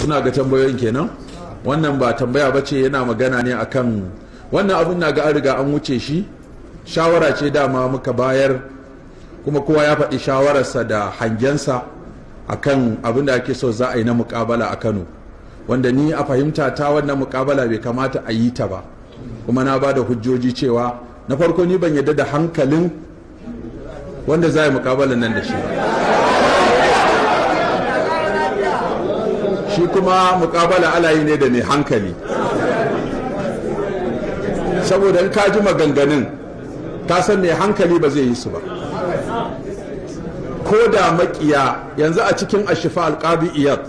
suna ga tambayoyin kenan wannan ba tambaya ba ce yana magana ne akan wannan abin na ga an riga an wuce shi shawara ce dama muka bayar kuma kowa ya faɗi shawararsa da hangensa akan abin da ake so za a yi na mukabala a kano wanda ni a fahimta ta wannan mukabala bai kamata a yi ta ba kuma na ba da hujjoji cewa na farko ni ban yadda da hankalin wanda za a yi mukabalan nan da shi kuma mukabala alayi ne da mai hankali saboda in ka ji maganganun ta san mai hankali ba zai yi su ba ko da makiya yanzu a cikin ashifa alkabi iyad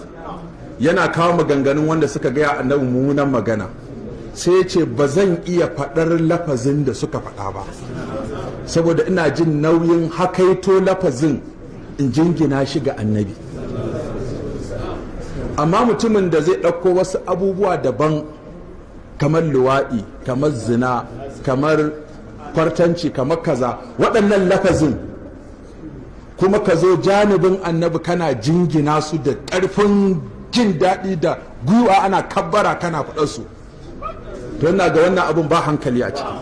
yana kawo maganganun wanda suka gaya a mummunan magana sai ce ba zan iya faɗar lafazin da suka faɗa ba saboda ina jin nauyin hakaito lafazin in jingina shi ga annabi amma mutumin da zai ɗauko wasu abubuwa daban kamar luwaɗi kamar zina kamar kwartanci kamar kaza waɗannan lafazin kuma ka zo janibin annabi kana jingina su da ƙarfin jin daɗi da gwiwa ana kabbara kana faɗarsu to yana ga wannan abin ba hankali a ciki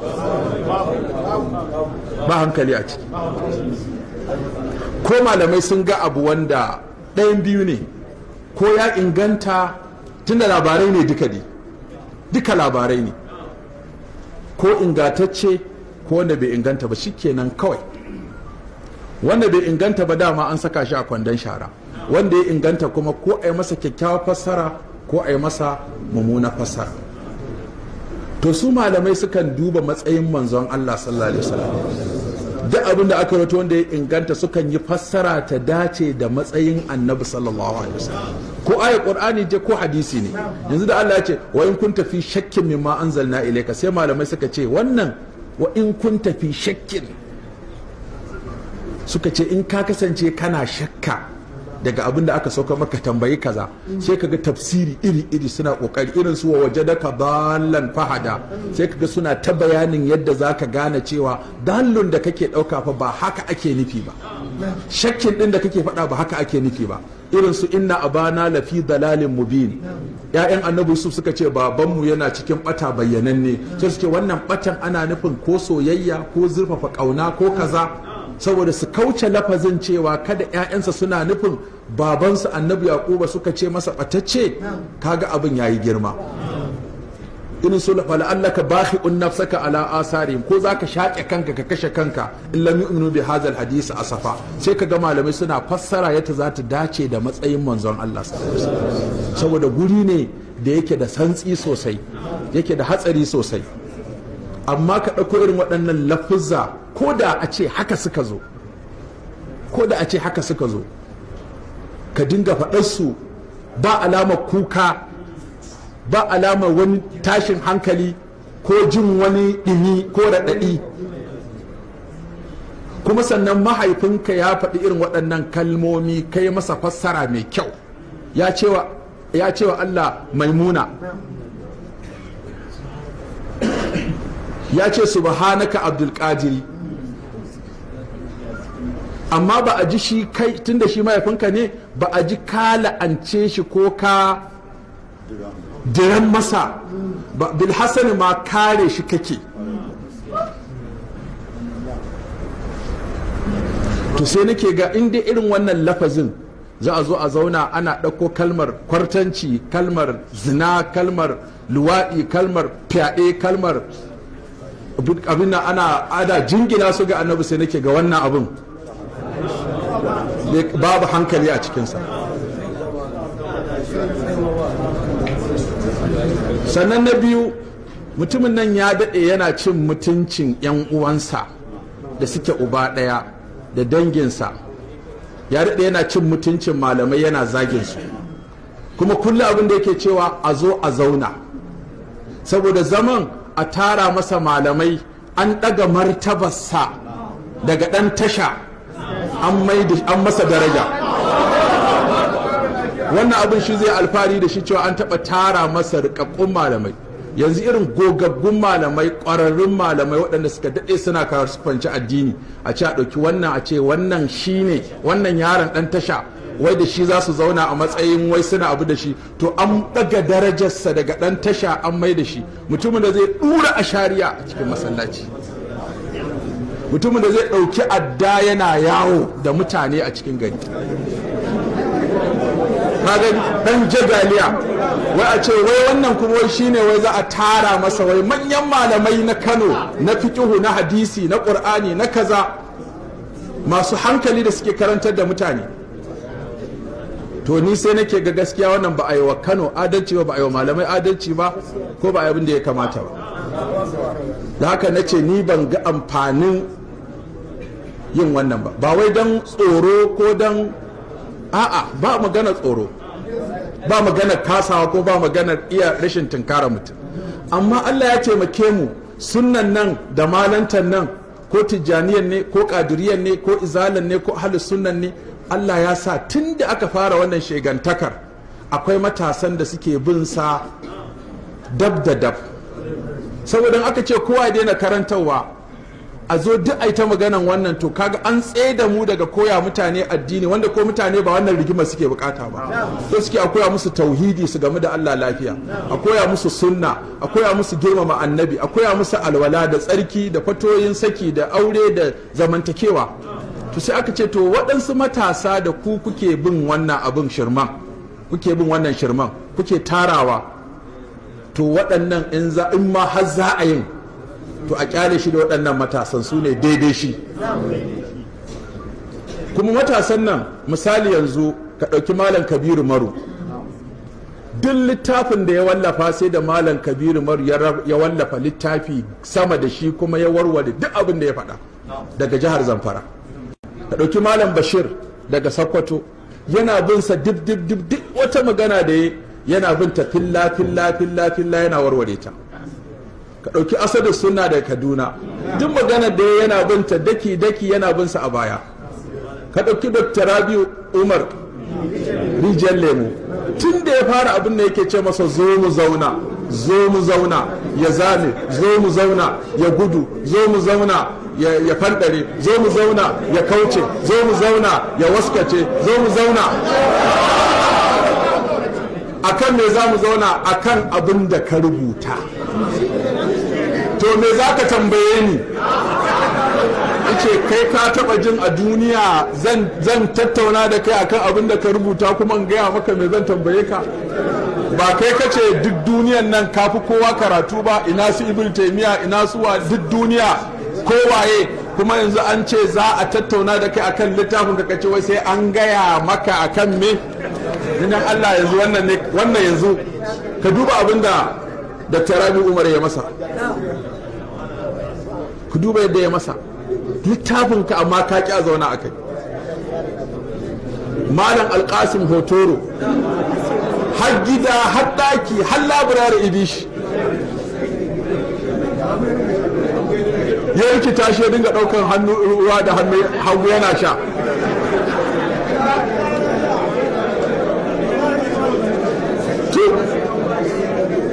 ba hankali a ciki ko malamai sun ga abu wanda ɗayan biyu ne ko ya inganta tunda labarai ne duka di duka labarai ne ko ingantacce ko wanda bai inganta ba shikenan kawai wanda bai inganta ba dama an saka shi a kwandon shara wanda ya inganta kuma ko a yi masa kyakkyawar fassara ko a yi masa mummuna fassara to su malamai sukan duba matsayin manzon Allah sallallahu alaihi wasallam duk abin da aka rato wanda ya inganta sukan yi fassara ta dace da matsayin annabi sallallahu alaihi wasallam ko aya qur'ani je ko hadisi ne yanzu da Allah ya ce wa in kunta fi shakkin mimma anzalna ilayka sai malamai suka ce wannan wa in kunta fi shakkin suka ce in ka kasance kana shakka daga abin da aka sauka maka tambayi kaza sai kaga tafsiri iri iri suna kokari irin su waje ka dallan fahada sai kaga suna ta bayanin yadda zaka gane cewa dallun da kake dauka fa ba haka ake nufi ba shakkin din da kake faɗa ba haka ake nufi ba irin su inna abana lafi dalalin mubin ya'yan annabi yusuf suka ce baban mu yana cikin bata bayyananne sai suke wannan batan ana nufin ko soyayya ko zurfafa kauna ko kaza saboda su kauce lafazin cewa kada 'ya'yansa suna nufin babansu annabi yaquba suka ce masa batacce kaga abin yayi girma in su bashi bakhi'un nafsaka ala asarihim ko zaka shaƙe kanka ka kashe kanka in lam yu'minu bi hadzal hadisi asafa sai ga malamai suna fassara yadda za ta dace da matsayin manzon Allah saboda guri ne da yake da santsi sosai yake da hatsari sosai amma ka ɗauko irin waɗannan lafuzza ko da a ce haka suka zo ko da a ce haka suka zo ka dinga faɗar su ba alamar kuka ba alamar wani tashin hankali ko jin wani ɗimi ko raɗaɗi kuma sannan mahaifinka ya faɗi irin waɗannan kalmomi kai masa fassara mai kyau ya ce wa Allah maimuna ya ce subhanaka abdulkadiri amma ba a ji shi kai tunda shi mahaifinka ne ba a ji ka la'ance shi ko ka diran masa bilhassan ma kare shi kake to sai nake ga inda irin wannan lafazin za a zo a zauna ana ɗauko kalmar kwartanci kalmar zina kalmar luwaɗi kalmar fyaɗe kalmar abin ana ada jingina su ga annabi sai nake ga wannan abin babu hankali a cikinsa sannan na biyu mutumin nan ya daɗe yana cin mutuncin 'yan uwansa da suke uba ɗaya da danginsa ya daɗe yana cin mutuncin malamai yana zagin su kuma kullum abin da yake cewa a zo a zauna saboda zaman a tara masa malamai an ɗaga martabarsa daga ɗan tasha an masa daraja wannan abin shi zai alfahari da shi cewa an taɓa tara masa rikakkun malamai yanzu irin gogaggun malamai ƙwararrun malamai waɗanda suka daɗe suna fanci addini a ce a ɗauki wannan a ce wannan shi ne wannan yaron ɗan tasha wai da shi za su zauna a matsayin wai suna abu da shi to an ɗaga darajarsa daga ɗan tasha an mai da shi mutumin da zai ɗura a shari'a a cikin masallaci mutumin da zai ɗauki adda yana yawo da mutane a cikin gari dan jagaliya wai a ce wai wannan kuma wai shine wai za a tara masa wai manyan malamai na kano na fikihu na hadisi na ƙur'ani na kaza masu hankali da suke karantar da mutane to ni sai nake ga gaskiya wannan ba a yi wa kano adalci ba ba a yi wa malamai adalci ba ko ba a yi abin da ya kamata ba da haka na ce ni ban ga amfanin yin wannan ba ba wai don tsoro ko don a'a ba magana tsoro ba magana kasawa ko ba magana iya rashin tunkara mutum amma Allah ya taimake mu sunan nan da malantan nan ko tijjaniyan ne ko kadiriyan ne ko izalan ne ko ahlus sunan ne Allah ya sa tun da aka fara wannan shegantakar akwai matasan da suke bin sa dab da dab saboda aka ce kowa ya daina karantarwa a zo duk a ta maganan wannan to kaga an da mu daga koya mutane addini wanda ko mutane ba wannan rigima suke bukata ba to suke a koya musu tauhidi su game da Allah lafiya a koya musu sunna a koya musu girmama annabi a koya musu alwala da tsarki da fatoyin saki da aure da zamantakewa to sai aka ce to waɗansu matasa da ku kuke bin wannan abin shirman kuke bin wannan shirman kuke tarawa to waɗannan in in ma har za a yin to a kyale shi da waɗannan matasan su ne daidai shi kuma matasan nan misali yanzu ka ɗauki malam kabiru maru duk littafin da ya wallafa sai da malam kabiru maru ya wallafa littafi sama da shi kuma ya warware duk abin da ya faɗa daga jihar zamfara ka ɗauki malam bashir daga sokoto yana bin sa dib dib dib duk wata magana da yana bin ta filla filla filla filla yana warware ta ka ɗauki asadu suna da kaduna duk maganar da yana bin ta daki daki yana bin sa a baya ka ɗauki dr rabiu umar rijiyar lemu tun da ya fara abin da yake ce masa zo mu zauna zo mu zauna ya zame zo mu zauna ya gudu zo mu zauna ya fanɗare, zo mu zauna ya kauce zo mu zauna ya waskace zo mu zauna akan me za mu zauna akan abin da ka rubuta to me za ka tambaye ni ce kai ka taba jin a duniya zan tattauna da kai akan abin da ka rubuta kuma in gaya maka me zan tambaye ka ba kai ka ce duk duniyan nan kafi kowa karatu ba ina su ibn taimiya ina su wa duk duniya kowaye kuma yanzu an ce za a tattauna da kai akan littafin ka kace wai sai an gaya maka akan me dan Allah yanzu wannan ne wannan yanzu ka duba abin da Dr. Rabi Umar ya masa ku duba yadda ya masa littafin ka amma ka ƙi a zauna a kai malam alƙasim hotoro har gida har ɗaki har da ibishi ya rikita tashi ya dinga ɗaukar hannu ruwa da hannu hagu yana sha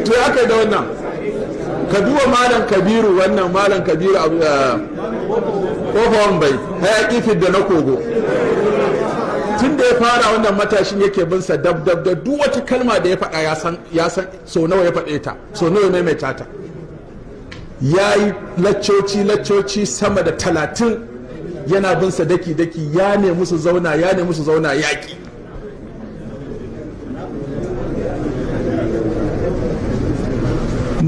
to ya kai da wannan ka duba malam kabiru wannan malam kabiru abu uh, kofar bai hayaki fidda na kogo tun da ya fara wannan matashin yake bin sa dab dab da duk wata kalma da ya faɗa ya san so nawa ya faɗe ta so nawa ya maimaita ta ya yi laccoci laccoci sama da talatin yana bin sa daki daki ya ne musu zauna ya ne musu zauna yaƙi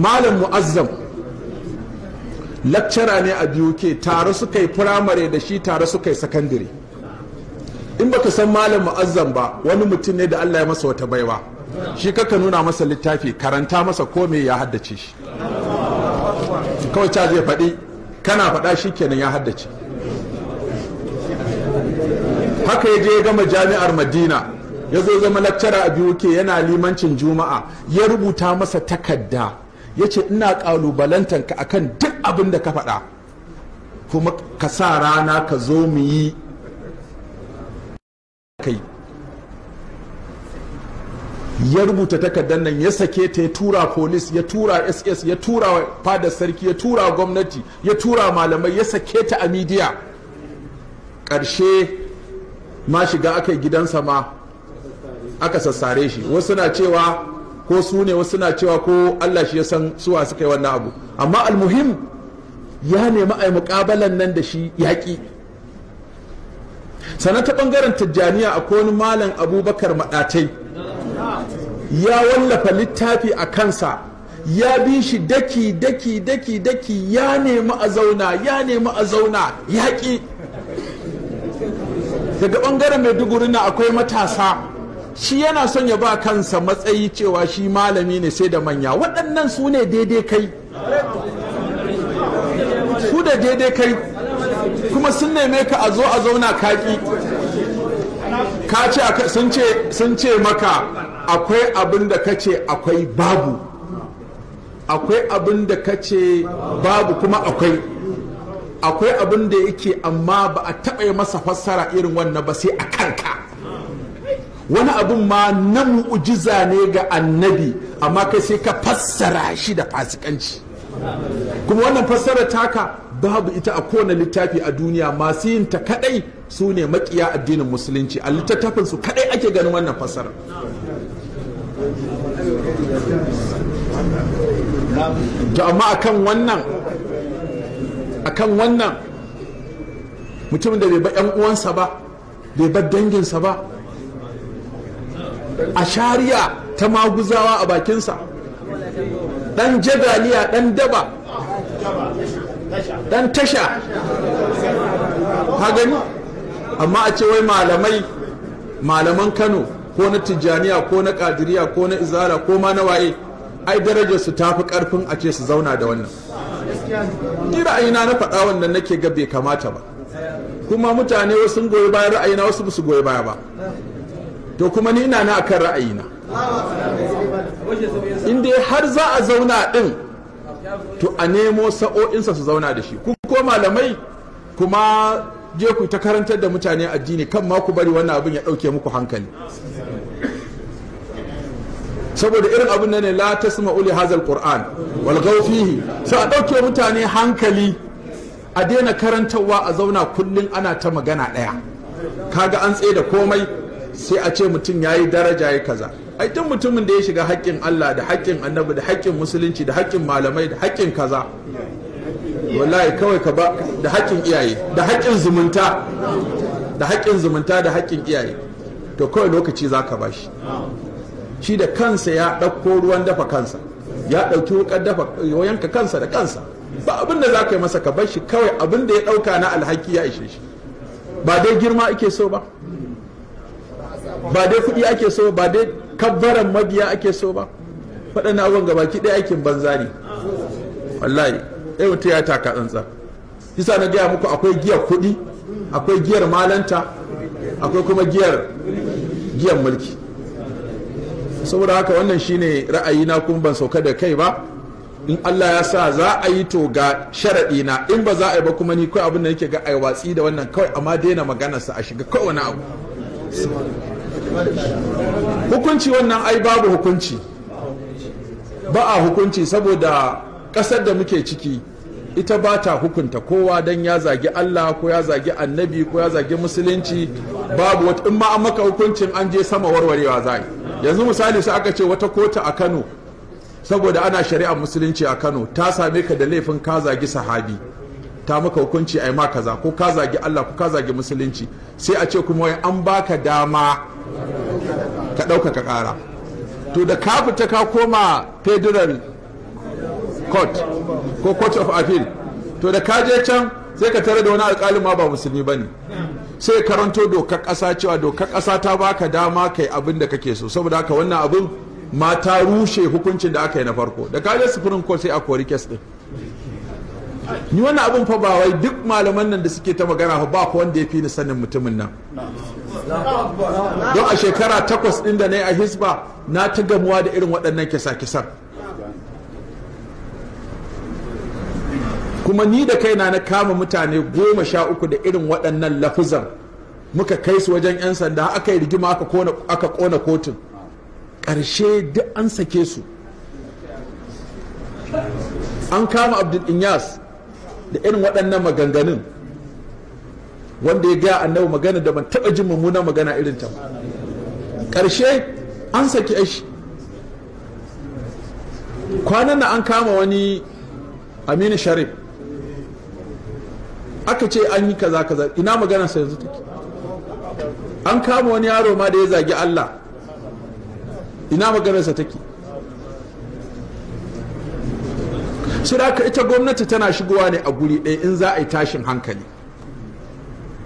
malam mu'azzam lakcara ne a uk tare suka yi firamare da shi tare suka yi sakandare in baka san malam mu'azzam ba wani mutum ne da allah ya masa wata baiwa shi kaka nuna masa littafi karanta masa kome ya haddace shi kawai ca zai faɗi kana faɗa shi kenan ya haddace haka ya je ya gama jami'ar madina ya zo zama lakcara a biyu ke yana limancin juma'a ya rubuta masa takarda ya ce ina ka akan duk abin da ka faɗa kuma ka sa rana ka zo mu yi kai ya rubuta takardar nan ya sake ta ya tura polis ya tura ss ya tura fadar sarki ya tura gwamnati ya tura malamai ya sake ta a midiya ƙarshe ma shiga aka yi gidansa ma aka sassare shi wasu na cewa ko su ne wasu na cewa ko Allah shi ya san suwa suka yi wannan abu amma almuhim ya nemi a muƙabalan nan da shi yaƙi sannan ta ɓangaren tijjaniya a wani malam abubakar maɗatai ya wallafa littafi a kansa ya bi shi daki daki daki daki ya nemi a zauna ya nemi a zauna yaƙi daga ɓangaren maiduguri na akwai matasa shi yana son ya ba kansa matsayi cewa shi malami ne sai da manya waɗannan su ne daidai kai su da daidai kai kuma sun neme ka a zo a zauna kaki ka ce sun ce maka akwai abin da ka ce akwai babu akwai abin da ka ce babu kuma akwai akwai abin da yake amma ba a taɓa masa fassara irin wannan ba sai a kanka wani abun ma na mu'ujiza ne ga annabi amma kai sai ka fassara shi da fasikanci kuma wannan fassara taka babu ita a kowane littafi a duniya masu yin ta kadai su ne makiya addinin musulunci a littattafin su kadai ake ganin wannan fassara to amma akan wannan akan wannan mutumin da bai ba 'yan uwansa ba bai ba danginsa ba a shari'a ta maguzawa a bakinsa ɗan jagaliya dan daba ɗan tasha gani amma a ce wai malamai malaman kano ko na tijjaniya ko na kadiriya ko na izara ko ma na waye ai darajar su tafi karfin a ce su zauna da wannan ni ra'ayina na faɗa wannan nake ga bai kamata ba kuma mutane wasu goyi bayan ra'ayina wasu ba su goyi baya ba to kuma ni ina na akan ra'ayina in dai har za a zauna din to a nemo sa'o'insa su zauna da shi ku ko malamai kuma je ku ta karantar da mutane addini kan ma ku bari wannan abin ya ɗauke muku hankali saboda irin abin nan ne la tasma'u uli hazal qur'an wal fihi sa a ɗauke mutane hankali a daina karantarwa a zauna kullum ana ta magana ɗaya kaga an tsaye da komai sai a ce mutum ya yi daraja ya kaza ai duk mutumin da ya shiga haƙƙin Allah da haƙƙin annabi da haƙƙin musulunci da haƙƙin malamai da haƙƙin kaza wallahi kawai ka ba da haƙƙin iyaye da haƙƙin zumunta da haƙƙin zumunta da haƙƙin iyaye to kawai lokaci za ka bashi shi da kansa ya ɗauko ruwan dafa kansa ya ɗauki wuƙar dafa yanka kansa da kansa ba abin da za ka yi masa ka bashi shi kawai abin da ya ɗauka na alhaki ya ishe shi ba dai girma ake so ba ba dai kuɗi ake so ba dai kabbaran mabiya ake so ba abin gaba ki ɗaya aikin banza ne wallahi ɗaya mutum ya taka tsantsan. yasa na gaya muku akwai giyar kuɗi akwai giyar malanta akwai kuma giyar giyar mulki saboda haka wannan shine ra'ayi na kuma ban sauka da kai ba in Allah ya sa za a yi to ga sharaɗi na in ba za a yi ba kuma ni kawai abin da nake ga a watsi da wannan kawai amma daina maganarsa a shiga kawai wani abu hukunci wannan ai babu hukunci ba a hukunci saboda ƙasar da muke ciki ita ba ta hukunta kowa don ya zagi Allah ko ya zagi annabi ko ya zagi musulunci babu wata in ma an maka hukuncin an je sama warwarewa zai yanzu misali su aka ce wata kotu a Kano saboda ana shari'ar musulunci a Kano ta same ka da laifin ka zagi sahabi ta maka hukunci a yi ma kaza ko ka zagi Allah ko ka zagi musulunci sai a ce kuma wai an baka dama ka ɗaukaka ƙara to da ka fita ka koma federal court ko court of appeal to da ka je can sai ka tare da wani alƙalin ma ba musulmi ba ne sai karanto dokar ƙasa cewa dokar ƙasa ta baka dama kai abin da kake so saboda haka wannan abin mata rushe hukuncin da aka yi na farko da ka je sufurin court sai a kori case din ni wannan abin fa ba wai duk malaman nan da suke ta magana ba ko wanda ya fi ni sanin mutumin nan don a shekara takwas ɗin da na yi a hisba na ta gamuwa da irin waɗannan kisa-kisan kuma ni da kaina na kama mutane goma sha uku da irin waɗannan lafuzan muka kai su wajen 'yan sanda aka yi rigima aka kona kotun ƙarshe duk an sake su an kama abdul inyas da irin waɗannan maganganun wanda ya gaya annabi magana da ban taba jin mummunan magana irin ta ba karshe an saki ashi kwanan na an kama wani aminu sharif aka ce an yi kaza kaza ina magana sa yanzu take an kama wani yaro ma da ya zagi Allah ina magana sa take sai ita gwamnati tana shigowa ne a guri ɗaya in za a yi tashin hankali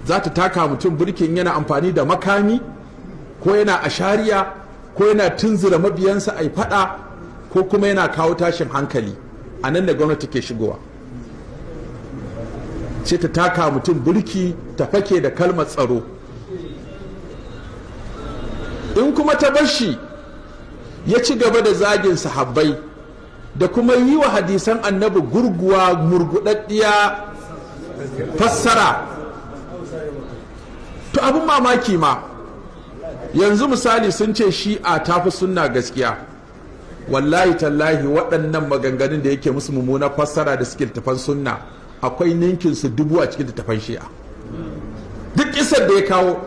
za ta taka mutum birkin yana amfani da makami ko yana a shari'a ko yana tunzura mabiyansa a faɗa ko kuma yana kawo tashin hankali a nan da gwamnati ke shigowa ce ta taka mutum birki ta fake da kalmar tsaro in kuma ta bar shi ya ci gaba da zagin sahabbai da kuma yi wa hadisan annabi gurguwa murgudaddiya fassara to abin mamaki ma yanzu misali sun ce shi'a ta fi sunna gaskiya wallahi tallahi waɗannan maganganun da yake musu mummuna fassara da suke littafan sunna akwai ninkin su dubu a cikin littafan shi'a duk kisar da ya kawo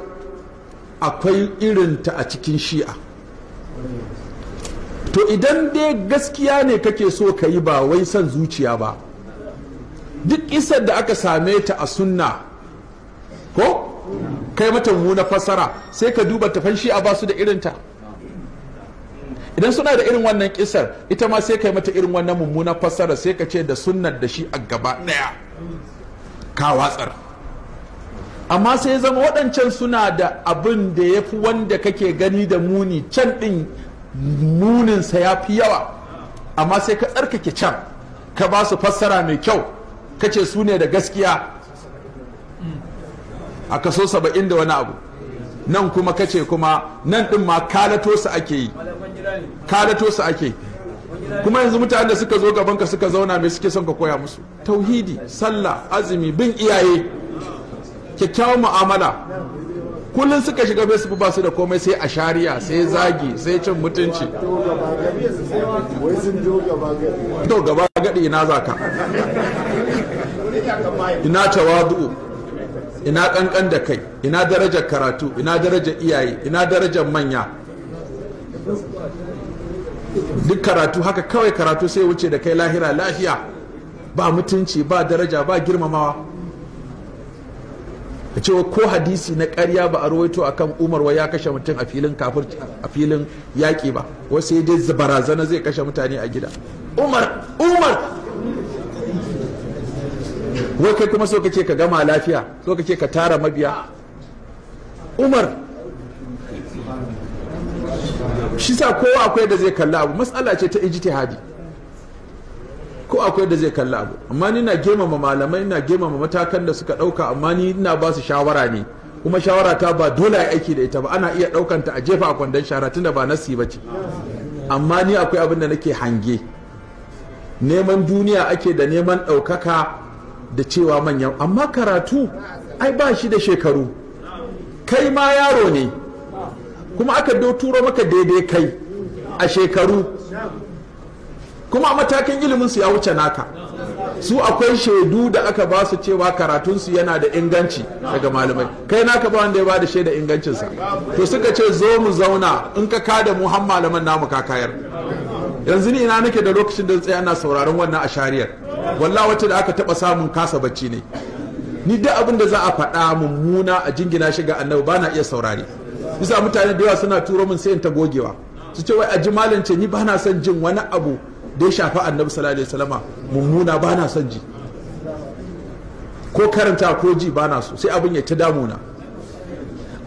akwai irin ta a cikin shi'a to idan dai gaskiya ne kake so ka yi ba wai son zuciya ba duk isar da aka same ta a sunna ko kai mata na fasara sai ka duba tafashi fanshi ba su da irinta idan suna da irin wannan kisar ita ma sai kai mata irin wannan mummuna fasara sai ka ce da sunnar da shi a gaba daya ka watsar amma sai zama waɗancan suna da abin da ya fi wanda kake gani da muni can ɗin muninsa ya fi yawa amma sai ka tsarkake can ka ba su fassara mai kyau ka ce su ne da gaskiya a kaso saba'in da wani abu nan kuma kace kuma nan din ma kalato su ake yi kalato su ake kuma yanzu mutanen da suka zo gaban ka suka zauna mai suke son ka koya musu tauhidi sallah azumi bin iyaye kyakkyawan mu'amala kullun suka shiga facebook ba su da komai sai a shari'a sai zagi sai cin mutunci to gaba gadi ina zaka ina tawadu ina ƙanƙan da kai ina darajar karatu ina darajar iyaye ina darajar manya duk karatu haka kawai karatu sai wuce da kai lahira lafiya ba mutunci ba daraja ba girmamawa a cewa ko hadisi na karya ba a rawaito akan umar wa ya kashe mutum a filin kafir a filin yaƙi ba wasu ya je barazana zai kashe mutane a gida umar umar wai kai kuma so kake ka gama lafiya so kake ka tara mabiya umar shi sa kowa akwai da zai kalla abu matsala ce ta ijtihadi ko akwai da zai kalla abu amma ni na gemama malamai ina gemama matakan da suka dauka amma ni ina ba su shawara ne kuma shawara ta ba dole a aiki da ita ba ana iya daukan ta a jefa a kwandon shara tunda ba nasi ba ce amma ni akwai abin da nake hange neman duniya ake da neman ɗaukaka da cewa manyan amma karatu ai ba shi da shekaru kai ma yaro ne kuma aka do turo maka daidai kai a shekaru kuma a matakin iliminsu ya wuce naka su akwai shaidu da aka ba su cewa karatunsu yana da inganci daga malamai kai naka ba wanda ya ba da shaida ingancinsa to suka ce zo mu zauna in ka kada mu han malaman namu ka kayar yanzu ni ina nake da lokacin da tsaya ana sauraron wannan a shariyar walla wacce da aka taba samun kasa bacci ne ni duk abin da za a faɗa mummuna a jingina shiga ga annabi ba na iya saurare bisa mutane da yawa suna turo min sai in ta gogewa su ce wai a ji malance ni ba na son jin wani abu da ya shafi annabi sallallahu alaihi wasallama mummuna ba na son ji ko karanta ko ji ba na so sai abin ya ta damuna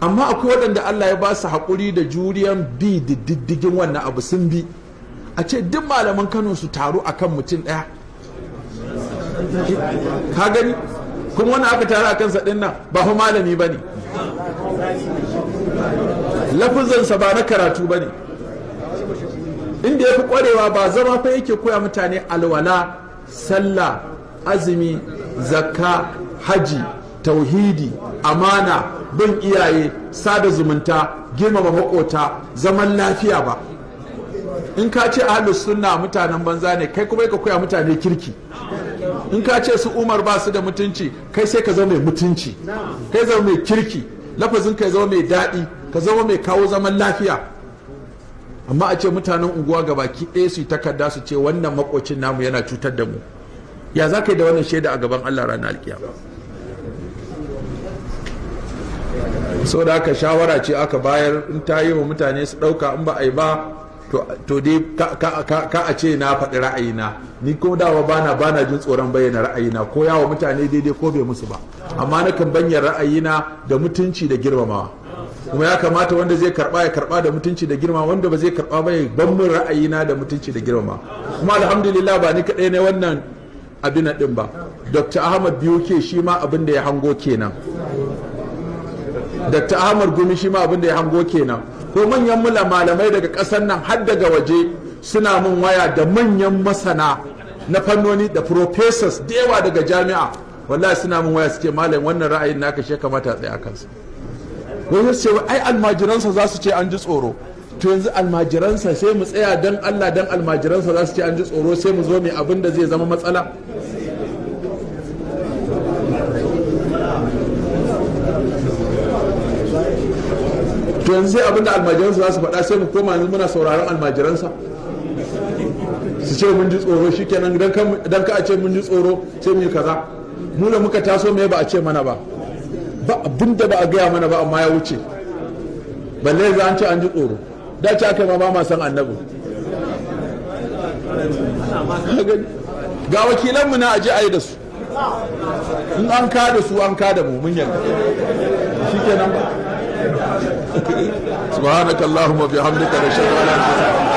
amma akwai waɗanda Allah ya ba su haƙuri da juriyan bi diddigin wannan abu sun bi a ce duk malaman kano su taru a kan mutum ɗaya ka gani kuma wani aka taru a kansa ɗin nan ba fa malami ba ne lafizansa ba na karatu ba ne inda ya fi ƙwarewa ba zama fa yake koya mutane alwala sallah azumi zakka haji tauhidi amana bin iyaye sada zumunta girmama maƙota zaman lafiya ba in ka ce ahlus sunna mutanen banza ne kai kuma ka koya mutane kirki in ka ce su umar ba su da mutunci kai sai ka zama mai mutunci kai zama mai kirki lafazin ka zama mai daɗi ka zama mai kawo zaman lafiya amma a ce mutanen unguwa ga baki ɗaya su yi takarda su ce wannan makocin namu yana cutar da mu ya za ka yi da wannan shaida a gaban allah ranar alkiyama sau da aka shawara ce aka bayar in ta yi wa mutane su ɗauka in ba a yi ba to dai ka a ce na faɗi ra'ayina ni ko dawa bana bana jin tsoron bayyana ra'ayina ko yawa mutane daidai ko bai musu ba amma na kan bayyana ra'ayina da mutunci da girmamawa kuma ya kamata wanda zai karba ya karba da mutunci da girma wanda ba zai karba ba ya ban min ra'ayina da mutunci da girma kuma alhamdulillah ba ni kaɗai ne wannan abin din ba dr ahmad biyu ke shi ma abin da ya hango kenan dr ahmad gumi shi ma abin da ya hango kenan ko manyan mula malamai daga kasar nan har daga waje suna mun waya da manyan masana na fannoni da professors da yawa daga jami'a wallahi suna mun waya suke malam wannan ra'ayin naka shi kamata tsaye kansa wai wani ce ai almajiransa za su ce an ji tsoro to yanzu almajiransa sai mu tsaya dan Allah dan almajiransa za su ce an ji tsoro sai mu zo mai abin da zai zama matsala to yanzu sai abinda almajiransa za su faɗa sai mu koma yanzu muna sauraron almajiransa su ce mun ji tsoro shikenan dan ka a ce mun ji tsoro sai mu yi kaza mu da muka taso me ba a ce mana ba ba abin da ba a gaya mana ba amma ya wuce balle za an ce an ji tsoro da ce aka ma ba ma san annabi ga wakilanmu na aji a yi da su in an kada su an kada mu mun yarda shikenan ba سبحانك اللهم وبحمدك نشهد ان لا اله الا انت